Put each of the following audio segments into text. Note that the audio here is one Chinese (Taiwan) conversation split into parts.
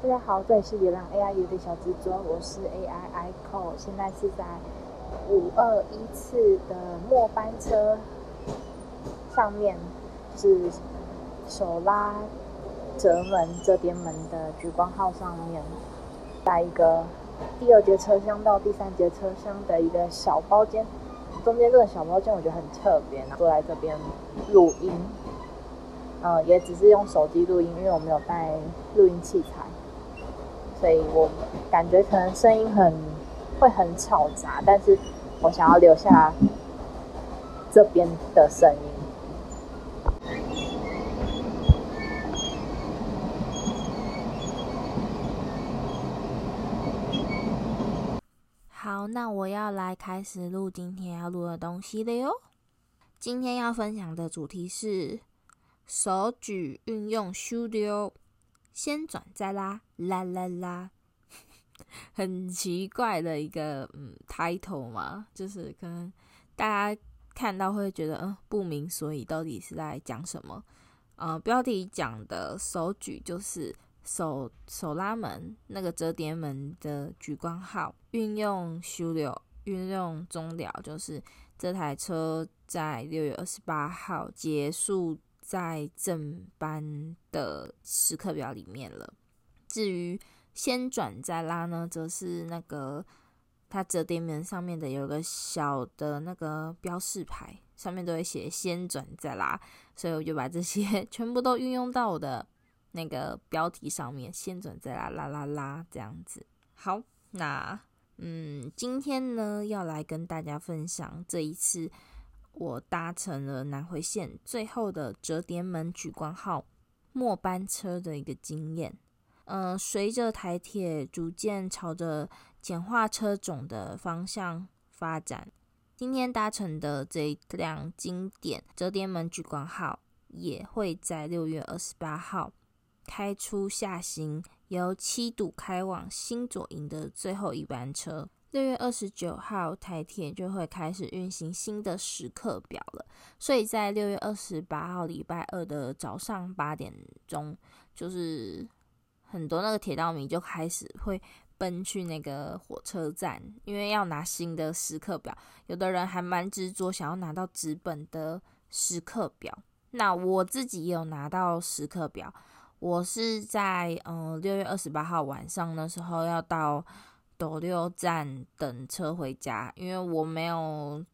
大家好，這裡是流浪 AI 有點小執着，我是 AI Echo 現在是在五二一次的末班車上面，就是手拉折門摺疊門的莒光號上面，帶一個第二節車廂到第三節車廂的一個小包間，中間這個小包間我覺得很特別，坐在這邊錄音，呃，嗯，也只是用手機錄音，因為我沒有帶錄音器材。所以我感覺可能聲音很會很吵雜，但是我想要留下這邊的聲音。好，那我要來開始錄今天要錄的東西了喲。今天要分享的主題是手莒運用終了。先轉再拉，啦啦啦，很奇怪的一個嗯 title 嘛，就是可能大家看到會覺得、呃、不明所以，到底是在講什麼？呃，標題講的手莒就是手手拉門那個折疊門的莒光號，運用終了，運用終了，就是這台車在六月二十八號結束。在正班的時刻表裡面了。至於先轉再拉呢，則是那個它摺疊門上面的有一個小的那個標示牌，上面都會寫先轉再拉，所以我就把這些全部都運用到我的那個標題上面，先轉再拉，拉拉拉這樣子。好，那嗯，今天呢要來跟大家分享這一次。我搭乘了南迴線最後的折疊門莒光號末班車的一個經驗。嗯，隨着台鐵逐漸朝着簡化車種的方向發展，今天搭乘的這一輛經典折疊門莒光號，也會在六月二十八號開出下行由七堵開往新左營的最後一班車。六月二十九號，台鐵就會開始運行新的時刻表了。所以在六月二十八號禮拜二的早上八點鐘，就是很多那個鐵道迷就開始會奔去那個火車站，因為要拿新的時刻表。有的人還蠻執着，想要拿到紙本的時刻表。那我自己也有拿到時刻表，我是在嗯，六月二十八號晚上的時候要到斗六站等車回家，因為我沒有，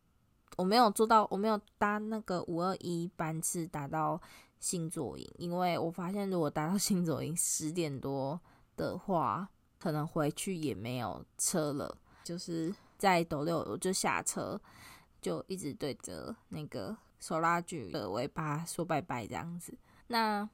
我沒有坐到，我沒有搭那個五二一班次搭到新左營，因為我發現如果搭到新左營十點多的話，可能回去也沒有車了。就是在斗六我就下車，就一直對着那個手拉莒的尾巴說拜拜這樣子。那。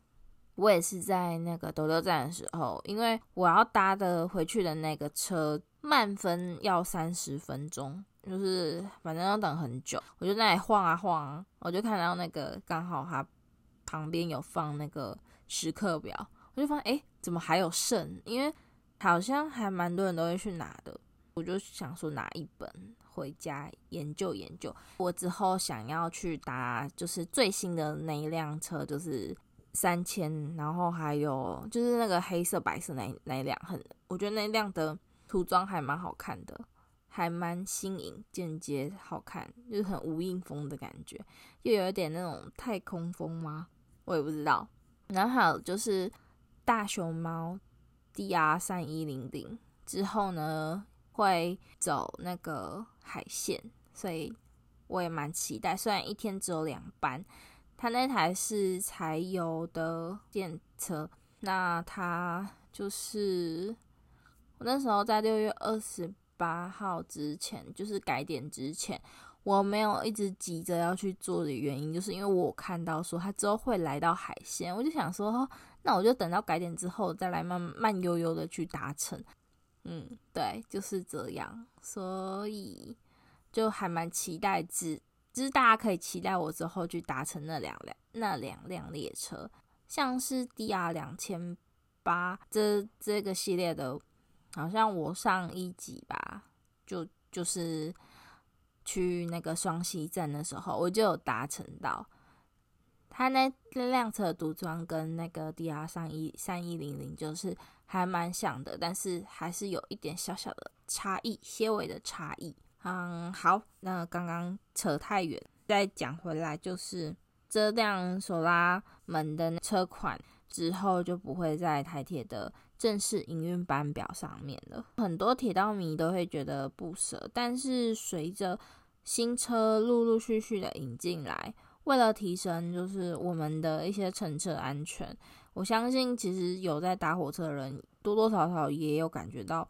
我也是在那個斗六站的時候，因為我要搭的回去的那個車慢分要三十分鐘，就是反正要等很久，我就在那裡晃啊晃啊，我就看到那個剛好他旁邊有放那個時刻表，我就發現哎，怎麼還有剩？因為好像還蠻多人都會去拿的，我就想說拿一本回家研究研究。我之後想要去搭就是最新的那一輛車，就是。三千，然後還有就是那個黑色、白色那那輛很，我覺得那輛的塗裝還蠻好看的，還蠻新穎、簡潔、好看，就是很無印風的感覺，又有一點那種太空風嗎？我也不知道。然後還有就是大熊貓 DR 三一零零之後呢，會走那個海線，所以我也蠻期待。雖然一天只有兩班。他那台是柴油的電車，那他就是我那時候在六月二十八號之前，就是改點之前，我沒有一直急着要去做的原因，就是因為我看到說他之後會來到海線，我就想說，那我就等到改點之後再來慢慢悠悠的去搭乘。嗯，對，就是這樣，所以就還蠻期待之。其實大家可以期待我之後去搭乘那兩輛那兩輛列車，像是 DR 兩千八這這個系列的，好像我上一集吧，就就是去那個雙溪鎮的時候，我就有搭乘到，他那那輛車的塗裝跟那個 DR 三一三一零零就是還蠻像的，但是還是有一點小小的差異，些微的差異。嗯，好，那剛剛扯太遠，再講回來，就是這輛手拉門的車款之後就不會在台鐵的正式營運班表上面了。很多鐵道迷都會覺得不捨，但是隨着新車陸陸續續的引進來，為了提升就是我們的一些乘車安全，我相信其實有在搭火車的人多多少少也有感覺到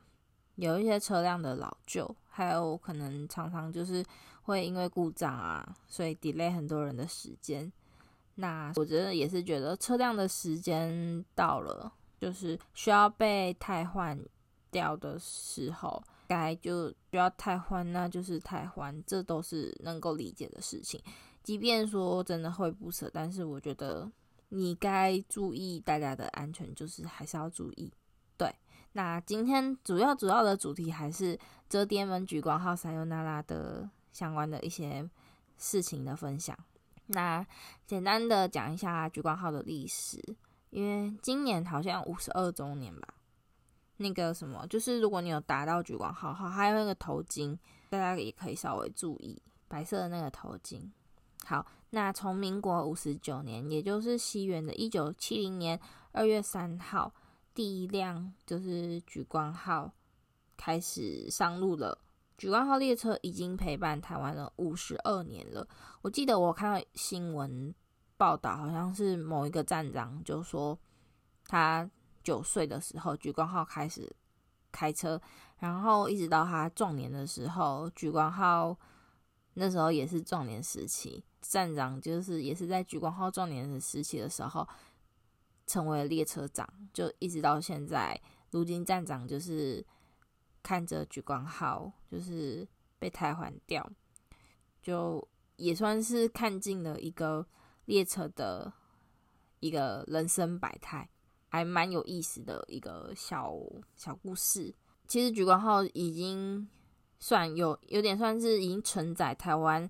有一些車輛的老舊。還有可能常常就是會因為故障啊，所以 delay 很多人的時間。那我覺得也是覺得車輛的時間到了，就是需要被汰換掉的時候，該就需要汰換，那就是汰換，這都是能夠理解的事情。即便說真的會不舍，但是我覺得你該注意大家的安全，就是還是要注意，對。那今天主要主要的主題還是摺疊門、莒光號、塞喲娜拉的相關的一些事情的分享。那簡單的講一下莒光號的歷史，因為今年好像五十二周年吧。那個什麼，就是如果你有達到莒光號，好，還有那個頭巾，大家也可以稍微注意白色的那個頭巾。好，那從民國五十九年，也就是西元的一九七零年二月三號。第一輛就是莒光號開始上路了。莒光號列車已經陪伴台灣了五十二年了。我記得我看到新聞報道好像是某一個站長就說，他九歲的時候莒光號開始開車，然後一直到他壯年的時候，莒光號那時候也是壯年時期。站長就是也是在莒光號壯年時期的時候，成為了列車長，就一直到現在。如今站長就是看着莒光號，就是被汰換掉，就也算是看盡了一個列車的一個人生百態，還蠻有意思的一個小小故事。其實莒光號已經算有有點算是已經承載台灣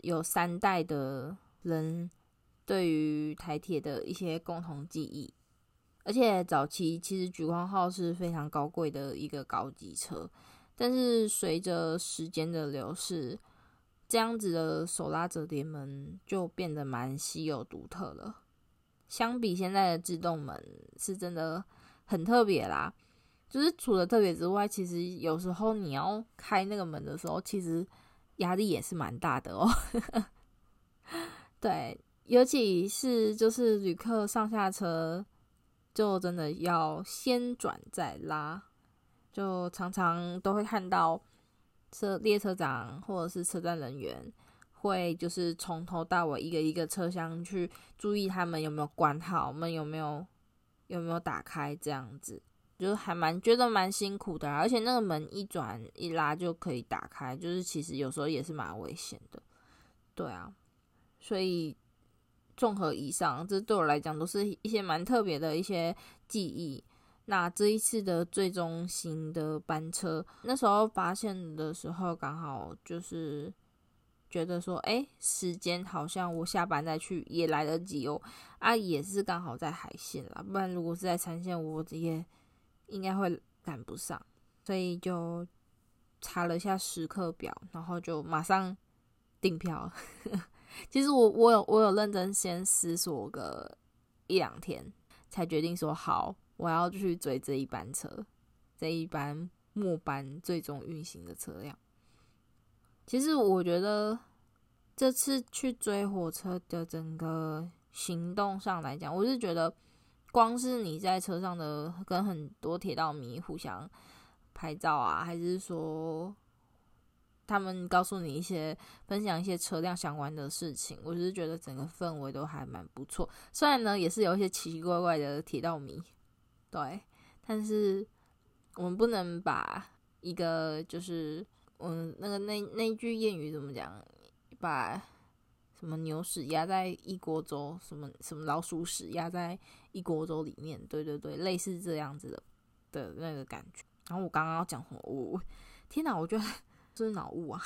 有三代的人，對於台鐵的一些共同記憶，而且早期其實莒光號是非常高貴的一個高級車，但是隨着時間的流逝，這樣子的手拉折疊門就變得蠻稀有獨特了。相比現在的自動門，是真的很特別啦。就是除了特別之外，其實有時候你要開那個門的時候，其實壓力也是蠻大的哦。 對。尤其是就是旅客上下車，就真的要先轉再拉，就常常都會看到車列車長或者是車站人員會就是從頭到尾一個一個車廂去注意他們有沒有關好門，有沒有、有沒有打開這樣子，就是還蠻覺得蠻辛苦的啊，而且那個門一轉一拉就可以打開，就是其實有時候也是蠻危險的，對啊，所以。綜合以上，這對我來講都是一些蠻特別的一些記憶。那這一次的最終型的班車，那時候發現的時候，剛好就是覺得說，哎、欸，時間好像我下班再去也來得及哦。啊，也是剛好在海線啦，不然如果是在山線，我也應該會趕不上。所以就查了一下時刻表，然後就馬上訂票。 其實我我有我有認真先思索個一兩天，才決定說好，我要去追這一班車，這一班末班最終運行的車輛。其實我覺得這次去追火車的整個行動上來講，我是覺得光是你在車上的跟很多鐵道迷互相拍照啊，還是說，他們告訴你一些，分享一些車輛相關的事情，我只是覺得整個氛圍都還蠻不錯。雖然呢，也是有一些奇奇怪怪的鐵道迷，對，但是我們不能把一個就是嗯，我們那個那那句諺語怎麼講？把什麼牛屎壓在一鍋粥，什麼什麼老鼠屎壓在一鍋粥裡面？對對對，類似這樣子的的那個感覺。然後我剛剛要講什麼？我、哦、天哪，我覺得。這是腦霧啊！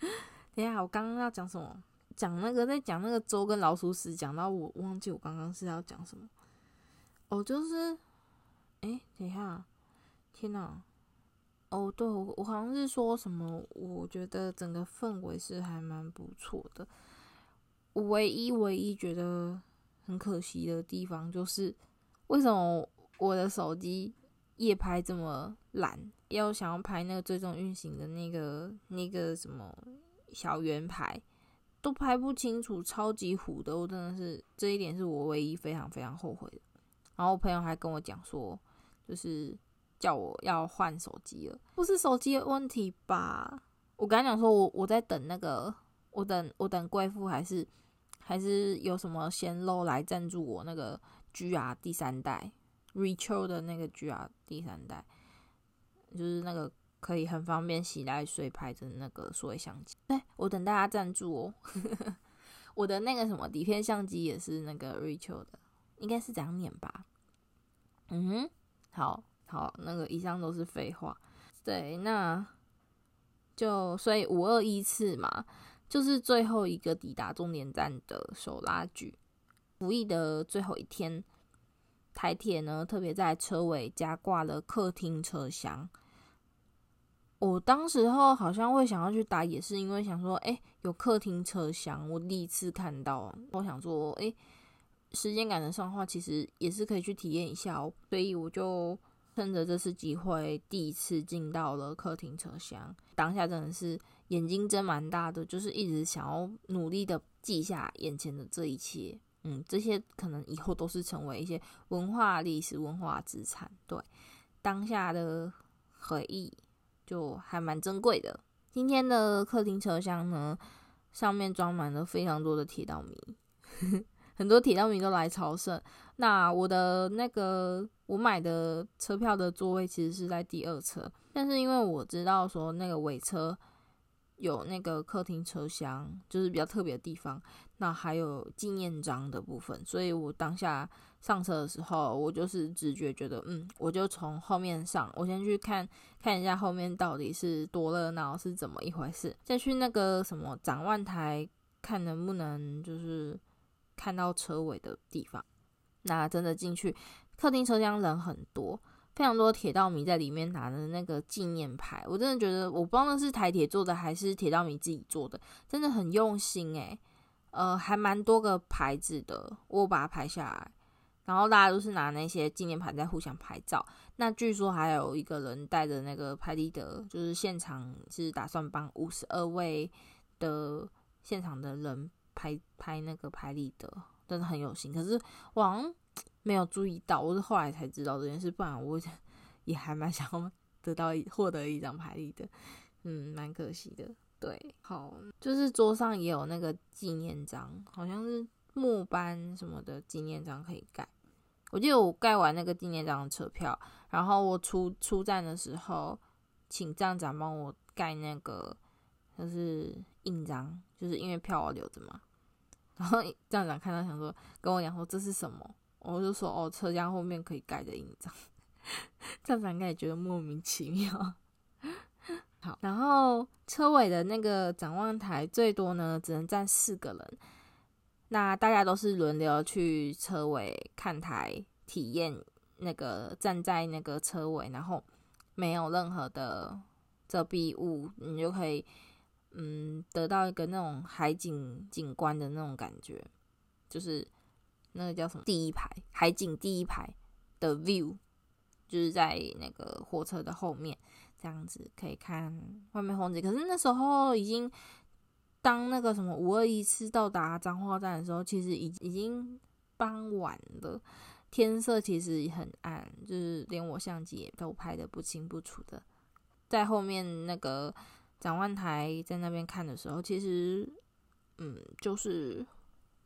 等一下，我剛剛要講什麼？講那個在講那個粥跟老鼠屎，講到我忘記我剛剛是要講什麼。哦，就是，哎、欸，等一下，天哪、啊！哦，對我，我好像是說什麼？我覺得整個氛圍是還蠻不錯的。我唯一唯一覺得很可惜的地方，就是為什麼我的手機夜拍這麼爛？要想要拍那個最終運行的那個那個什麼小圓牌，都拍不清楚，超級糊的，我真的是這一點是我唯一非常非常後悔的。然後我朋友還跟我講說，就是叫我要換手機了，不是手機的問題吧？我跟他講說，我我在等那個，我等我等貴婦還是還是有什麼鮮肉來贊助我那個 GR 第三代 Ricoh 的那個 GR 第三代。就是那個可以很方便攜帶隨拍的那個所謂相機。對，我等大家贊助哦。 我的那個什麼底片相機也是那個 Rachel 的，應該是這樣念吧？嗯哼，好好，那個以上都是廢話。對，那就所以五二一次嘛，就是最後一個抵達終點站的手拉莒，服役的最後一天。台鐵呢，特別在車尾加掛了客廳車廂。我當時候好像會想要去打，也是因為想說，欸，有客廳車廂，我第一次看到，我想說，欸，時間趕得上的話，其實也是可以去體驗一下哦。所以我就趁着這次機會，第一次進到了客廳車廂。當下真的是眼睛睜蠻大的，就是一直想要努力的記下眼前的這一切。嗯，這些可能以後都是成為一些文化歷史文化資產。對，當下的回憶就還蠻珍貴的。今天的客廳車廂呢，上面裝滿了非常多的鐵道迷， 很多鐵道迷都來朝聖。那我的那個我買的車票的座位其實是在第二車，但是因為我知道說那個尾車。有那個客廳車廂，就是比較特別的地方。那還有紀念章的部分，所以我當下上車的時候，我就是直覺覺得，嗯，我就從後面上，我先去看看一下後面到底是多熱鬧，是怎麼一回事。再去那個什麼展望台，看能不能就是看到車尾的地方。那真的進去客廳車廂，人很多。非常多鐵道迷在裡面拿的那個紀念牌，我真的覺得，我不知道那是台鐵做的還是鐵道迷自己做的，真的很用心誒、欸。呃，還蠻多個牌子的，我把它拍下來。然後大家都是拿那些紀念牌在互相拍照。那據說還有一個人帶着那個拍立得，就是現場是打算幫五十二位的現場的人拍拍那個拍立得。真的很有心，可是我好像沒有注意到，我是後來才知道這件事，不然我也還蠻想得到獲得一張牌的，嗯，蠻可惜的。對，好，就是桌上也有那個紀念章，好像是末班什麼的紀念章可以蓋。我記得我蓋完那個紀念章的車票，然後我出出站的時候，請站長幫我蓋那個，就是印章，就是因為票我留着嘛。然後站長看到想說，跟我講說這是什麼？我就說哦，車廂後面可以蓋的印章。 站長應該也覺得莫名其妙。好，然後車尾的那個展望台最多呢，只能站四個人。那大家都是輪流去車尾看台體驗，那個站在那個車尾，然後沒有任何的遮蔽物，你就可以。嗯，得到一個那種海景景觀的那種感覺，就是那個叫什麼第一排海景第一排的 view，就是在那個火車的後面，這樣子可以看外面風景。可是那時候已經當那個什麼五二一次到達彰化站的時候，其實已已經傍晚了，天色其實很暗，就是連我相機也都拍得不清不楚的，在後面那個。展望台在那邊看的時候，其實，嗯，就是，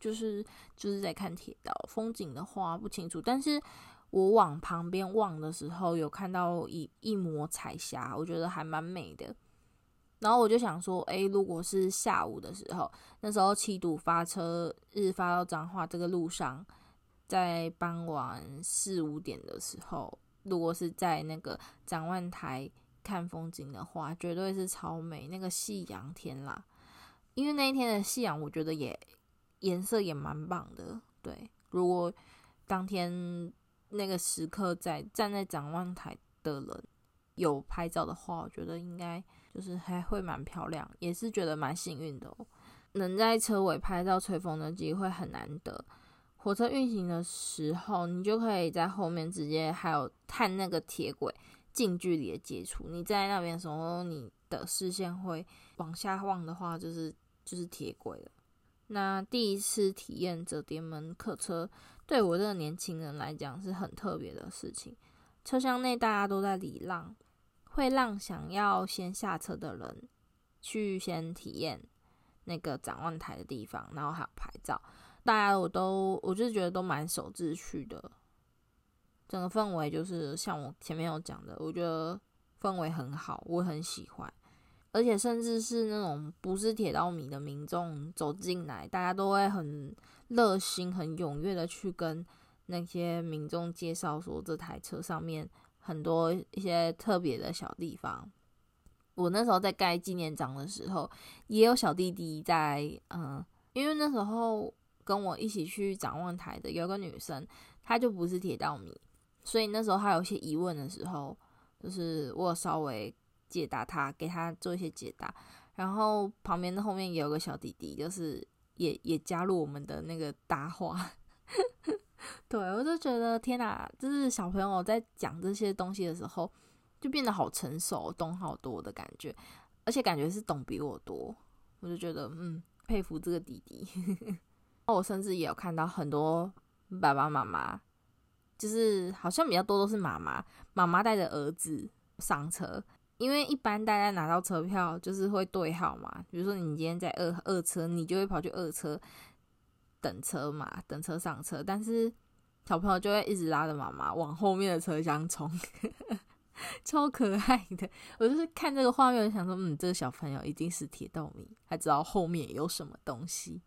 就是，就是在看鐵道風景的話，不清楚，但是我往旁邊望的時候，有看到一一抹彩霞，我覺得還蠻美的。然後我就想說，誒、欸，如果是下午的時候，那時候七堵發車日發到彰化這個路上，在傍晚四五點的時候，如果是在那個展望台。看風景的話，絕對是超美，那個夕陽天啦。因為那一天的夕陽，我覺得也顏色也蠻棒的。對，如果當天那個時刻在站在展望台的人有拍照的話，我覺得應該就是還會蠻漂亮，也是覺得蠻幸運的哦。能在車尾拍照吹風的機會很難得。火車運行的時候，你就可以在後面直接還有看那個鐵軌。近距離的接觸，你在那邊的時候，你的視線會往下望的話，就是，就是就是鐵軌了。那第一次體驗摺疊門客車，對我這個年輕人來講是很特別的事情。車廂內大家都在禮讓，會讓想要先下車的人去先體驗那個展望台的地方，然後還有拍照，大家我都我就覺得都蠻守秩序的。整個氛圍就是像我前面有講的，我覺得氛圍很好，我很喜歡，而且甚至是那種不是鐵道迷的民眾走進來，大家都會很熱心、很踴躍的去跟那些民眾介紹說這台車上面很多一些特別的小地方。我那時候在蓋紀念章的時候，也有小弟弟在，嗯、呃，因為那時候跟我一起去展望台的有個女生，她就不是鐵道迷。所以那時候他有一些疑問的時候，就是我稍微解答他，給他做一些解答。然後旁邊的後面也有個小弟弟，就是也也加入我們的那個搭話。 對，我就覺得天哪，就是小朋友在講這些東西的時候，就變得好成熟，懂好多的感覺，而且感覺是懂比我多。我就覺得嗯，佩服這個弟弟。 我甚至也有看到很多爸爸媽媽。就是好像比較多都是媽媽媽媽帶着兒子上車，因為一般大家拿到車票就是會對號嘛。比如說你今天在二二車，你就會跑去二車等車嘛，等車上車。但是小朋友就會一直拉着媽媽往後面的車廂衝，超可愛的。我就是看這個畫面，我想說，嗯，這個小朋友一定是鐵道迷，還知道後面有什麼東西。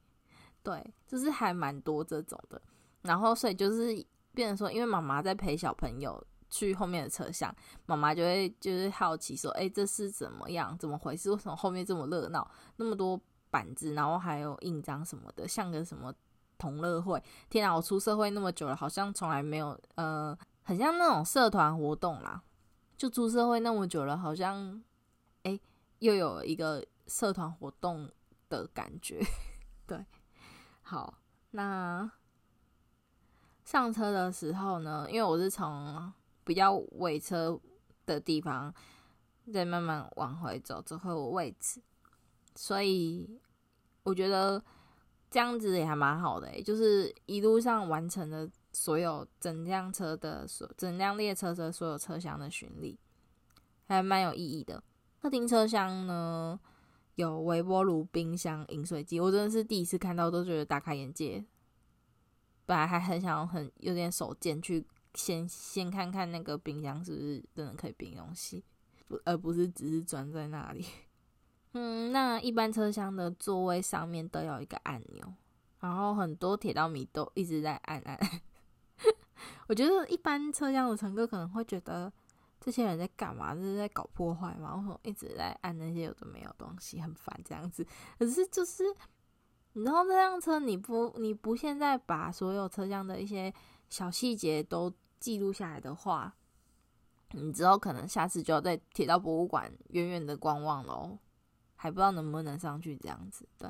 對，就是還蠻多這種的。然後，所以就是。變成說，因為媽媽在陪小朋友去後面的車廂，媽媽就會就是好奇說：“哎、欸，這是怎麼樣？怎麼回事？為什麼後面這麼熱鬧？那麼多板子，然後還有印章什麼的，像個什麼同樂會？天啊，我出社會那麼久了，好像從來沒有……呃，很像那種社團活動啦。就出社會那麼久了，好像哎、欸，又有一個社團活動的感覺。對，好，那。”上車的時候呢，因為我是從比較尾車的地方再慢慢往回走，走回我位置，所以我覺得這樣子也還蠻好的、欸，就是一路上完成了所有整輛車的、所整輛列車的所有車廂的巡禮，還蠻有意義的。客廳車廂呢，有微波爐、冰箱、飲水機，我真的是第一次看到，都覺得大開眼界。本來還很想用很有點手賤去先先看看那個冰箱是不是真的可以冰東西，不而不是只是轉在那裡。嗯，那一般車廂的座位上面都有一個按鈕，然後很多鐵道迷都一直在按按。 我覺得一般車廂的乘客可能會覺得這些人在幹嘛，這是在搞破壞嗎？為什麼一直在按那些有的沒有東西，很煩這樣子。可是就是。然後這輛車，你不你不現在把所有車廂的一些小細節都記錄下來的話，你之後可能下次就要在鐵道博物館遠遠的觀望嘍，還不知道能不能上去這樣子。對，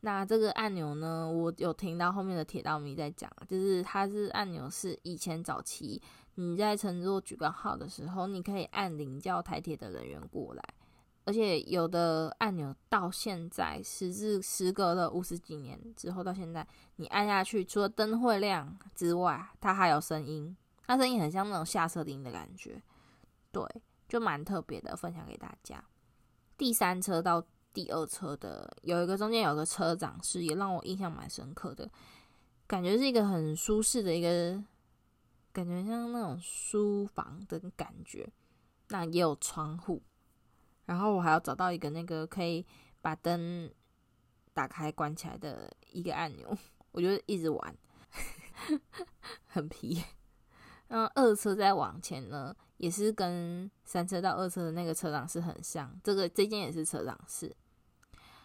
那這個按鈕呢，我有聽到後面的鐵道迷在講，就是它是按鈕是以前早期你在乘坐莒光號的時候，你可以按鈴叫台鐵的人員過來。而且有的按鈕到現在，時至時隔了五十幾年之後，到現在你按下去，除了燈會亮之外，它還有聲音，它聲音很像那種下車鈴的感覺，對，就蠻特別的，分享給大家。第三車到第二車的有一個中間有個車長室，也讓我印象蠻深刻的感覺，是一個很舒適的一個感覺，像那種書房的感覺，那也有窗戶。然後我還要找到一個那個可以把燈打開、關起來的一個按鈕，我就一直玩呵呵，很皮。然後二車再往前呢，也是跟三車到二車的那個車長室很像，這個這間也是車長室。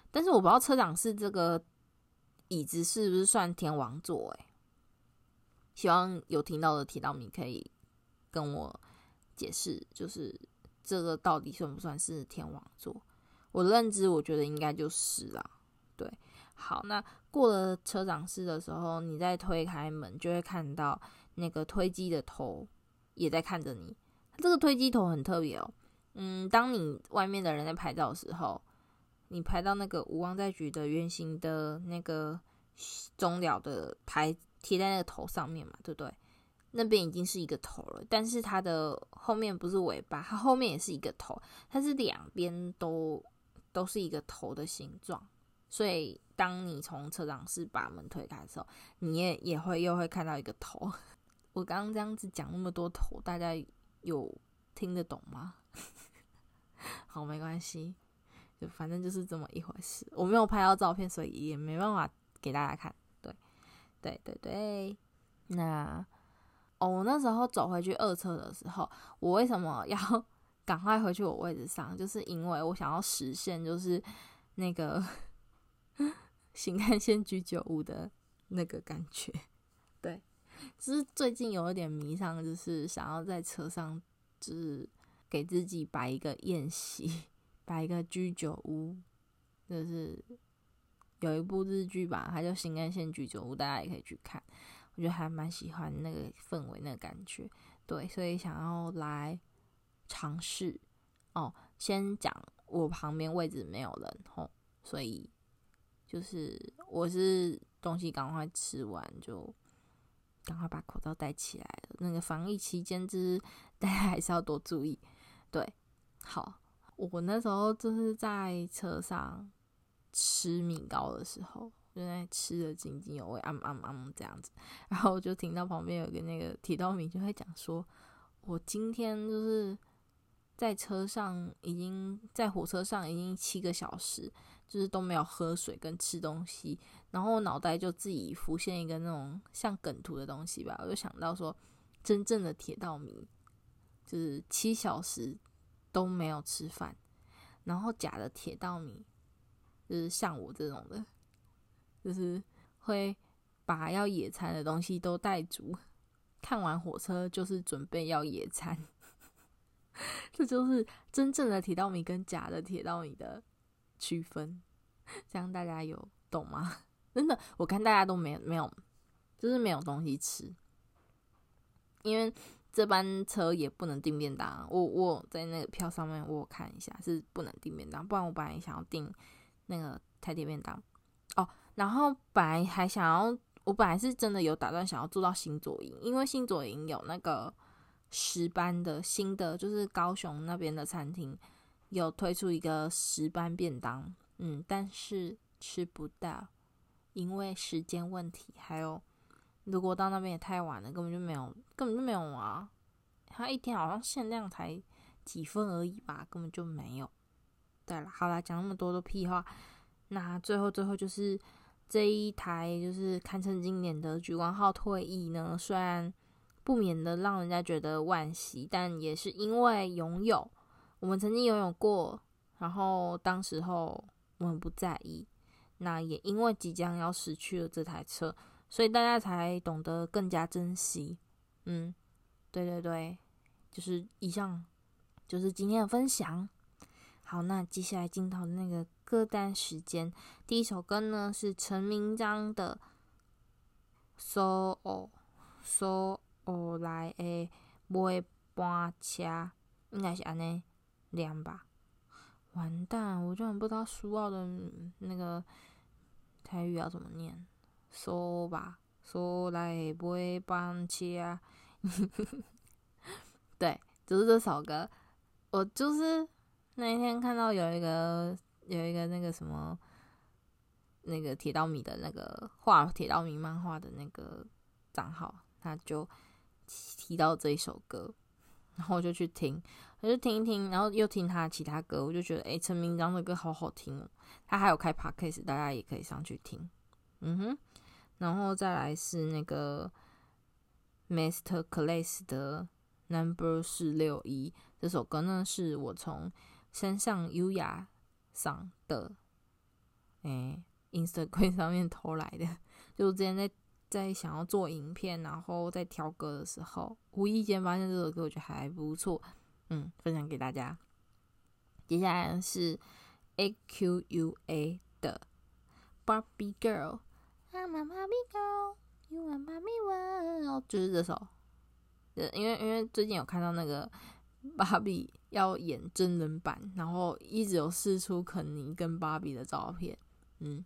但是我不知道車長室這個椅子是不是算天王座、欸，哎，希望有聽到的鐵道迷可以跟我解釋，就是。這個到底算不算是天王座？我的認知，我覺得應該就是啦，對，好，那過了車長室的時候，你再推開門，就會看到那個推機的頭也在看着你。這個推機頭很特別哦，嗯，當你外面的人在拍照的時候，你拍到那個莒光在舉的圓形的那個鐘錶的牌貼在那個頭上面嘛，對不對？那邊已經是一個頭了，但是它的後面不是尾巴，它後面也是一個頭，它是兩邊都都是一個頭的形狀。所以，當你從車長室把門推開的時候，你也也會又會看到一個頭。 我剛剛這樣子講那麼多頭，大家有聽得懂嗎？ 好，沒關係，就反正就是這麼一回事。我沒有拍到照片，所以也沒辦法給大家看。對，對對對，那。我、oh, 那時候走回去二車的時候，我為什麼要趕快回去我位置上？就是因為我想要實現，就是那個新幹線居酒屋的那個感覺。對，只是最近有一點迷上，就是想要在車上，就是給自己擺一個宴席，擺一個居酒屋。就是有一部日劇吧，它叫《新幹線居酒屋》，大家也可以去看。我覺得還蠻喜歡那個氛圍，那個感覺，對，所以想要來嘗試。哦，先講我旁邊位置沒有人，後、哦、所以就是我是東西趕快吃完就，趕快把口罩戴起來，那個防疫期間之大家還是要多注意。對，好，我那時候就是在車上。吃米糕的時候，就在吃的津津有味，啊啊啊，這樣子。然後我就聽到旁邊有個那個鐵道迷就會講說，我今天就是在車上已經在火車上已經七個小時，就是都沒有喝水跟吃東西，然後腦袋就自己浮現一個那種像梗圖的東西吧。我就想到說，真正的鐵道迷，就是七小時都沒有吃飯，然後假的鐵道迷，就是像我這種的，就是會把要野餐的東西都帶足，看完火車就是準備要野餐。 這就是真正的鐵道迷跟假的鐵道迷的區分， 這樣大家有懂嗎？真的，我看大家都沒有沒有，就是沒有東西吃，因為這班車也不能訂便當。我我在那個票上面我看一下，是不能訂便當，不然我本來想要訂。那個台鐵便當，哦，然後本來還想要，我本來是真的有打算想要坐到新左營，因為新左營有那個石斑的新的，就是高雄那邊的餐廳有推出一個石斑便當，嗯，但是吃不到，因為時間問題，還有如果到那邊也太晚了，根本就沒有，根本就沒有啊，他一天好像限量才幾份而已吧，根本就沒有。對了，好了，講那麼多的屁話，那最後最後就是這一台就是堪稱經典的莒光號退役呢，雖然不免的讓人家覺得惋惜，但也是因為擁有，我們曾經擁有過，然後當時候我們不在意，那也因為即將要失去了這台車，所以大家才懂得更加珍惜。嗯，對對對，就是以上就是今天的分享。好，那接下來進到那個歌單時間。第一首歌呢是陳明章的《蘇澳蘇澳來的尾班車》，應該是安尼念吧？完蛋，我居然不知道蘇澳的那個台語要怎麼念。蘇吧，蘇來尾班車。 對，就是這首歌，我就是。那一天看到有一個有一個那個什麼，那個鐵道迷的那個畫鐵道迷漫畫的那個賬號，他就提到這一首歌，然後我就去聽，我就聽一聽，然後又聽他的其他歌，我就覺得哎，陳明章的歌好好聽哦。他還有開 podcast，大家也可以上去聽。嗯哼，然後再來是那個 Masterclass 的 Number 四六一，這首歌呢是我從，身上優雅上的，誒、欸、Instagram 上面偷來的，就我之前在在想要做影片，然後在挑歌的時候，無意間發現這首歌，我覺得還不錯，嗯，分享給大家。接下來是 A Q U A 的 Barbie Girl I'm a Barbie Girl，You are Barbie One，oh，就是這首，因為因為最近有看到那個。芭比要演真人版，然後一直有釋出肯尼跟芭比的照片，嗯，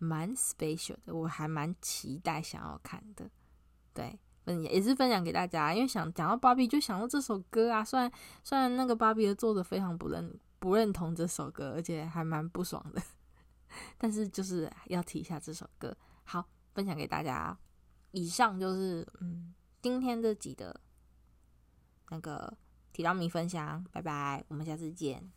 蠻 special 的，我還蠻期待想要看的。對，嗯，也是分享給大家，因為想講到芭比，就想到這首歌啊。雖然雖然那個芭比的作者非常不認不認同這首歌，而且還蠻不爽的，但是就是要提一下這首歌。好，分享給大家啊。以上就是嗯，今天這集的那個。讓你分享，拜拜，我們下次見。